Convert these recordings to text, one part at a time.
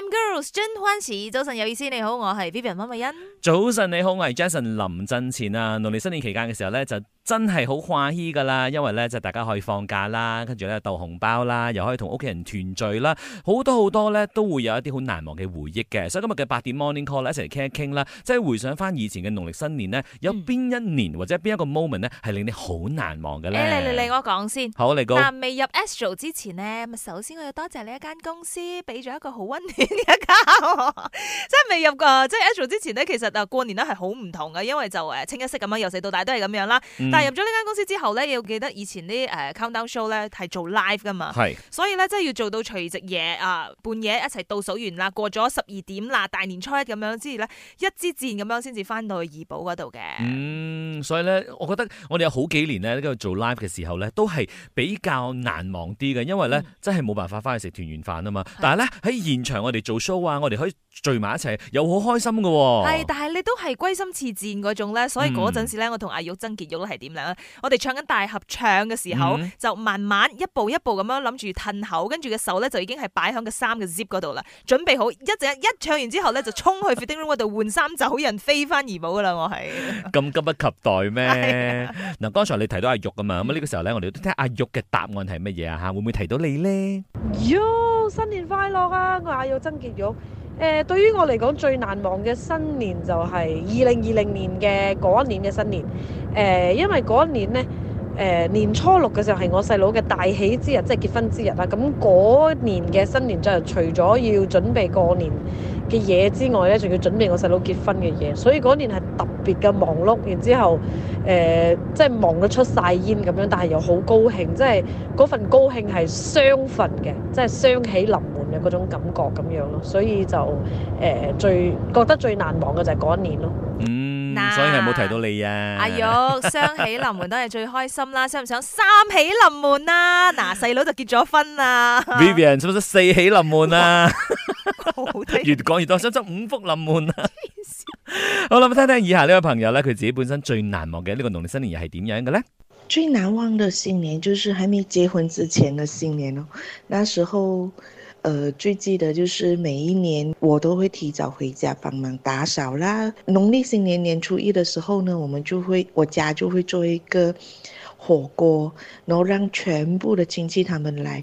M Girls 真歡喜早晨，有意思。你好，我係 Vivian 溫美欣。早晨你好，我係 Jason 林振前啊。農曆新年期間嘅時候咧，就。真係好掛依㗎啦，因為咧就係、是、大家可以放假啦，跟住咧逗紅包啦，又可以同屋企人團聚啦，好多好多咧都會有一啲好難忘嘅回憶嘅。所以今日嘅八點 Morning Call 咧一齊嚟傾一傾啦，即係回想返以前嘅農曆新年呢，有邊一年或者邊一個 moment 呢，係令你好難忘嘅咧、欸？你嚟嚟，我講先。好，你講。但未入 Astro 之前呢，首先我要多謝你一間公司俾咗一個好溫暖嘅一家，即係未入過即係 Astro 之前呢，其實啊過年呢係好唔同嘅，因為就清一色咁樣由細到大都係咁樣啦，嗯入咗呢間公司之後咧，要記得以前啲誒 countdown show 咧係做 live 噶嘛，是所以咧真係要做到除夕夜啊，半夜一齊倒數完啦，過咗十二點啦，大年初一咁樣之後咧一支箭咁樣先至翻到去怡保嗰度嘅。嗯，所以咧，我覺得我哋有好幾年咧喺度做 live 嘅時候咧，都係比較難忘啲嘅，因為咧真係冇辦法翻去食團圓飯啊嘛。是但係咧喺現場我哋做 show 啊，我哋可以聚埋一齊，又好開心嘅喎。係，但係你都係歸心似箭嗰種咧，所以嗰陣時咧，我同阿玉、曾潔玉咧點 我哋唱緊大合唱嘅時候，就慢慢一步一步咁樣諗住褪後，跟住嘅手咧就已經係擺喺個衫嘅 zip 嗰度啦，準備好一陣一唱完之後咧就衝去 fitting room 嗰度換衫走人，飛翻怡保噶啦，我係咁急不及待咩？嗱，剛才你提到阿玉啊嘛，咁呢 個時候咧，我哋都聽阿玉嘅答案係乜嘢啊？吓，會唔會提到你咧？喲，新年快樂啊！我阿玉曾潔玉。誒、呃、對於我嚟講最難忘嘅新年就係二零二零年嘅嗰一年嘅新年，呃、因為嗰一年呢、呃，年初六嘅時候係我細佬嘅大喜之日，即、就、係、是、結婚之日啦，咁嗰年嘅新年就係除咗要準備過年嘅嘢之外呢，仲要準備我細佬結婚嘅嘢，所以嗰年係特別嘅忙碌。然之後，即、呃、係忙到出晒煙咁樣，但係又好高興，即係嗰份高興係雙份嘅，即係雙喜臨門嘅嗰種感覺咁樣咯。所以就、呃、最覺得最難忘嘅就係嗰一年咯。嗯，所以係冇提到你啊， 啊阿玉雙喜臨門都係最開心啦，想唔想三喜臨門啊？嗱、啊，細佬就結咗婚啦，Vivian，使唔使四喜臨門啊？ 越講越多，想爭五福臨門啦、啊！真是 好啦，我聽聽以下呢位朋友咧，佢自己本身最難忘嘅、這個、呢個農曆新年係點樣嘅咧？最難忘嘅新年就是還沒結婚之前嘅新年咯。那時候，誒、呃、最記得就是每一年我都會提早回家幫忙打掃啦。農曆新年年初一嘅時候呢，我們就會我家就會做一個火鍋，然後讓全部嘅親戚他們來。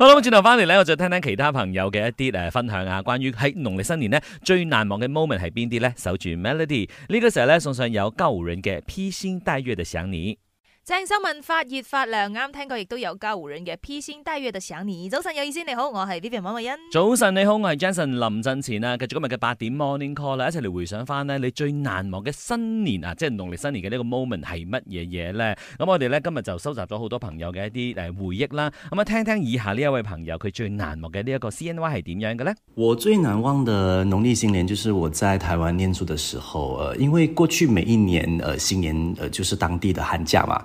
好啦，轉頭翻嚟咧，我再聽聽其他朋友嘅一啲誒、呃、分享啊。關於喺農曆新年咧，最難忘嘅 moment 係邊啲咧？守住 melody，呢個時候咧送上有告五人嘅披星戴月嘅想你。鄭秀文化發熱發涼，啱聽過，亦都有教胡軟嘅披星戴月的想年。早晨有意思，你好，我係 Vivian 馬文欣。早晨你好，我係 Jason 林振前啊！繼續今日嘅八點 Morning Call 啦，一齊嚟，回想翻呢，你最難忘嘅新年啊，即係農曆新年嘅呢個 moment 係乜嘢嘢咧？咁我哋咧今日就收集咗好多朋友嘅一啲誒回憶啦。咁啊，聽聽以下呢一位朋友佢最難忘嘅呢一個 CNY 係點樣嘅咧？我最難忘嘅農曆新年，就是我在台灣念書嘅時候，誒、呃，因為過去每一年，誒、呃、新年，誒、呃、就是當地嘅寒假嘛。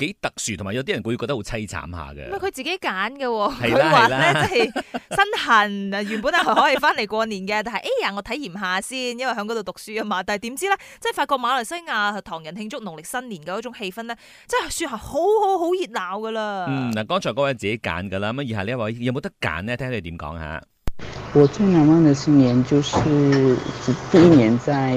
幾特殊，同埋有啲人會覺得好凄慘下嘅。佢自己揀嘅，佢話咧，即係身痕啊，原本係可以翻嚟過年嘅，但係哎呀，我體驗下先，因為喺嗰度讀書啊嘛。但係點知咧，即係發覺馬來西亞唐人慶祝農曆新年嘅嗰種氣氛咧，即係算係好好好熱鬧噶啦。嗱、嗯，剛才嗰位自己揀嘅啦，咁以下呢一位有冇得揀咧？聽下你點講下。我最難忘嘅新年就是第一年在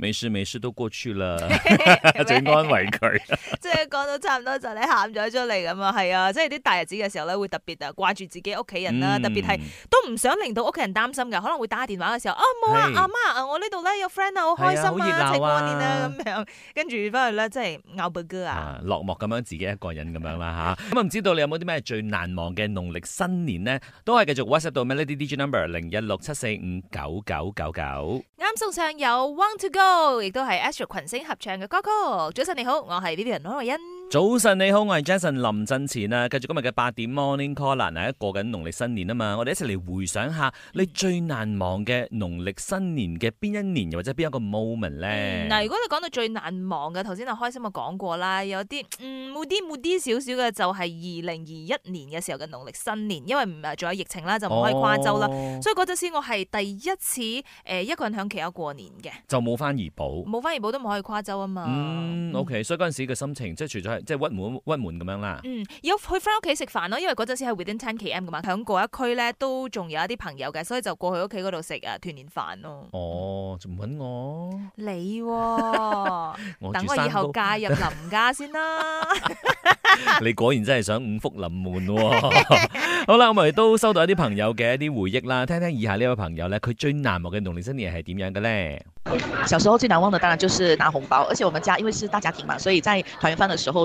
冇事冇事都過去了，即係安慰佢。即係講到差唔多就你喊咗出嚟咁啊，係啊，即係啲大日子嘅時候咧，會特別啊，掛住自己屋企人啦、啊，嗯、特別係都唔想令到屋企人擔心嘅，可能會打電話嘅時候，哦、是 啊冇啊，阿媽我呢度咧有 friend 好開心啊，齊過、啊啊、年啊咁樣，跟住翻去咧，即係咬杯哥啊，落寞咁樣自己一個人咁樣啦吓，咁 啊，唔知道你有冇啲咩最難忘嘅農曆新年呢？都係繼續 WhatsApp 到 Melody DJ number 零一六七四五九九九九。監送上有《Want To Go》，亦都係 Astro 群星合唱嘅歌曲。早晨你好，我係 Vivian 羅慧欣。早晨你好，我係 Jason 林振前啊，繼續今日嘅八點 Morning Call 嗱，而家過緊農曆新年啊嘛，我哋一齊嚟回想下你最難忘嘅農曆新年嘅邊一年，又或者邊一個 moment 咧？嗱、嗯，如果你講到最難忘嘅，頭先開心啊講過啦，有啲嗯冇啲啲少少嘅，就係二零二一年嘅時候嘅農曆新年，因為仲有疫情啦，就唔可以跨州啦，哦、所以嗰陣時我係第一次誒、呃、一個人喺其他過年嘅，就冇翻怡保，冇翻怡保都唔可以跨州啊嘛。嗯，OK，所以嗰陣時嘅心情，即、就、係、是、除咗係。即係鬱悶鬱悶咁樣啦。嗯，要去翻屋企食飯咯，因為嗰陣時喺 within ten km 噶嘛，喺嗰一區咧都仲有一啲朋友嘅，所以就過去屋企嗰度食啊團年飯咯。哦，仲揾我？你，我等我以後嫁入林家先啦。你果然真係想五福臨門。好啦，我咪都收到一啲朋友嘅一啲回憶啦，聽聽以下呢位朋友咧，佢最難忘嘅農曆新年係點樣嘅咧？小時候最難忘的當然就是拿紅包，而且我們家因為是大家庭嘛，所以在團圓飯的時候。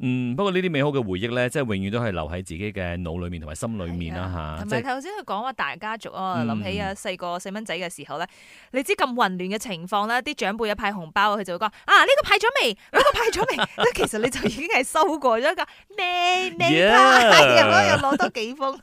嗯，不過呢啲美好嘅回憶咧，即係永遠都係留喺自己嘅腦裏面同埋心裏面啦吓。同埋頭先佢講話大家族啊，諗起啊細個細蚊仔嘅時候咧，你知咁混亂嘅情況啦。啲長輩一派紅包，佢就會話啊呢個派咗未？呢個派咗未？即其實你就已經係收過咗噶，你未你，又攞多幾封。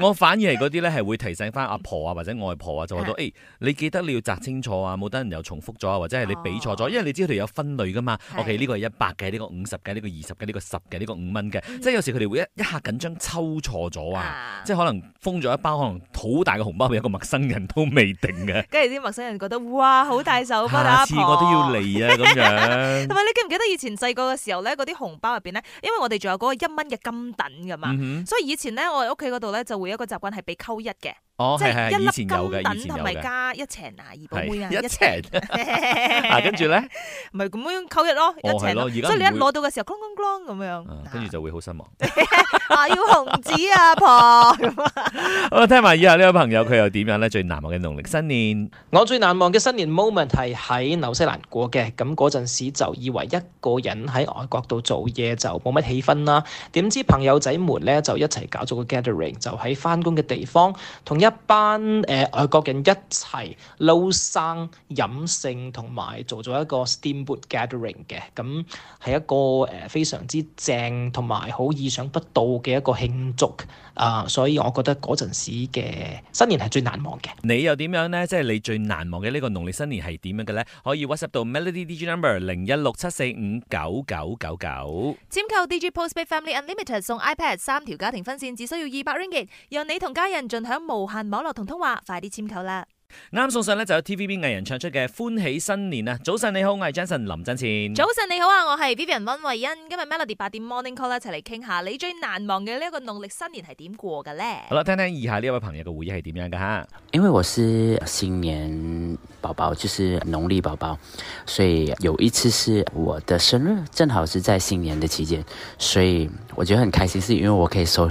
我反而係嗰啲咧，係會提醒翻阿婆啊或者外婆啊，就話到誒，你記得你要摘清楚啊，冇得人又重複咗，或者係你俾錯咗，因為你知道佢有分類噶嘛。我 okay 呢個係一百嘅，呢個五十嘅，呢個二十嘅，呢個。十嘅呢、這個五蚊嘅，嗯、即係有時佢哋會一一下緊張抽錯咗啊！即係可能封咗一包，可能好大嘅紅包俾一個陌生人都未定嘅。跟住啲陌生人覺得哇，好大手筆啊！阿婆，下次我都要嚟啊！咁 樣同埋你記唔記得以前細個嘅時候咧，嗰啲紅包入邊咧，因為我哋仲有嗰個一蚊嘅金等噶嘛，嗯、哼所以以前咧我哋屋企嗰度咧就會有一個習慣係俾抽一嘅。哦，即係一粒金蛋以前有嘅，以前有，同埋加一齊啊，二寶妹啊，一齊，啊，跟住咧，咪咁樣扣一咯，一齊咯，所以你一攞到嘅時候，咣咣咣咁樣，跟住就會好失望。啊，要紅紙啊，阿婆咁啊。好，聽埋以下呢位朋友佢又點樣咧？最難忘嘅農曆新年，我最難忘嘅新年 moment 係喺紐西蘭過嘅。咁嗰陣時就以為一個人喺外國度做嘢就冇乜氣氛啦。點知朋友仔們咧就一齊搞咗個 gathering，就喺翻工嘅地方同一。一班誒、呃、外國人一齊撈生飲勝，同埋做咗一個 steamboat gathering 嘅，咁、嗯、係一個誒、呃、非常之正同埋好意想不到嘅一個慶祝啊、呃！所以我覺得嗰陣時嘅新年係最難忘嘅。你又點樣呢？即係你最難忘嘅呢個農曆新年係點樣嘅咧？可以 WhatsApp 到 Melody D G Number 零一六七四五九九九九，簽購 D G Postpaid Family Unlimited 送 iPad 三條家庭分線，只需要二百 ringgit 讓你同家人盡享無限。網絡同通話，快啲簽購啦！啱送上呢就有 TVB 藝人唱出嘅《歡喜新年》啊！早晨你好，我係 Jason 林振前。早晨你好啊，我係 Vivian 溫慧欣。今日 Melody 八點 Morning Call 一齊嚟傾下你最難忘嘅呢一個農曆新年係點過嘅咧？好啦，聽聽以下呢一位朋友嘅回憶係點樣嘅吓。因為我是新年寶寶，就是農曆寶寶，所以有一次是我的生日，正好是在新年的期間，所以我覺得很開心，是因為我可以收。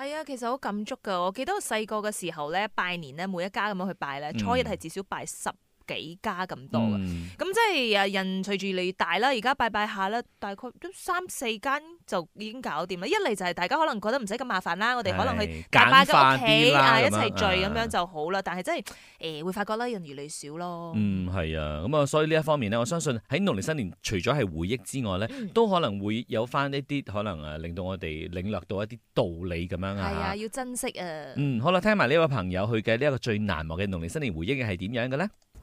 係啊，其實好感觸㗎。我記得我細個嘅時候咧，拜年咧，每一家咁樣去拜咧，初一係至少拜十。嗯幾家咁多嘅，咁、嗯、即係誒人隨住嚟大啦。而家拜拜下啦，大概都三四間就已經搞掂啦。一嚟就係大家可能覺得唔使咁麻煩啦，我哋可能去埋翻啲啦，一齊起聚咁、啊、樣就好啦。但係真係誒會發覺啦，人越嚟越少咯。嗯，係啊，咁啊，所以呢一方面咧，我相信喺農曆新年除咗係回憶之外咧，嗯、都可能會有翻呢啲可能誒、啊，令到我哋領略到一啲道理咁樣啊。係啊，要珍惜啊。嗯，好啦，聽埋呢位朋友佢嘅呢一個最難忘嘅農曆新年回憶係係點樣嘅咧？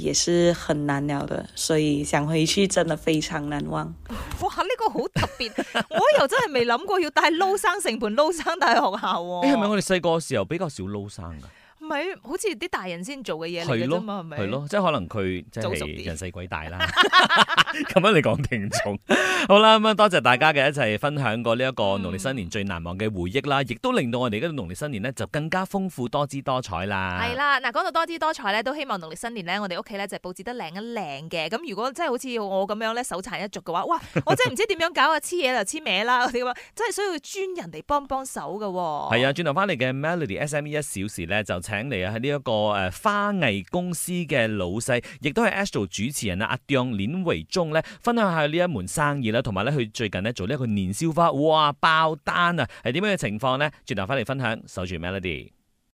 也是很難了的，所以想回去真的非常難忘。哇，呢、這個好特別， 我又真係未諗過要帶撈生成盤撈生帶去學校，啊。你係咪我哋細個時候比較少撈生啊？咪好似啲大人先做嘅嘢嚟嘅係咪？係咯，咯，即係可能佢即係人世鬼大啦。咁樣你講聽眾，好啦，咁樣多謝大家嘅一齊分享過呢一個農曆新年最難忘嘅回憶啦，亦、嗯、都令到我哋而家農曆新年咧就更加豐富多姿多彩，對啦。係啦，嗱，講到多姿多彩咧，都希望農曆新年咧，我哋屋企咧就佈置得靚一靚嘅。咁如果真係好似我咁樣咧手殘一族嘅話，哇！我真係唔知點樣搞啊，黐嘢 就黐歪啦嗰啲喎，真係需要專人嚟幫幫手㗎、哦。係啊，轉頭翻嚟嘅 Melody SME 一小時咧就請。請嚟啊，喺呢一個誒花藝公司嘅老細，亦都係 Asher 主持人啊阿蔣念維中咧，分享下呢一門生意啦，同埋咧佢最近咧做呢一個年宵花，哇爆單啊，係點樣嘅情況呢？轉頭翻嚟分享，守住 Melody。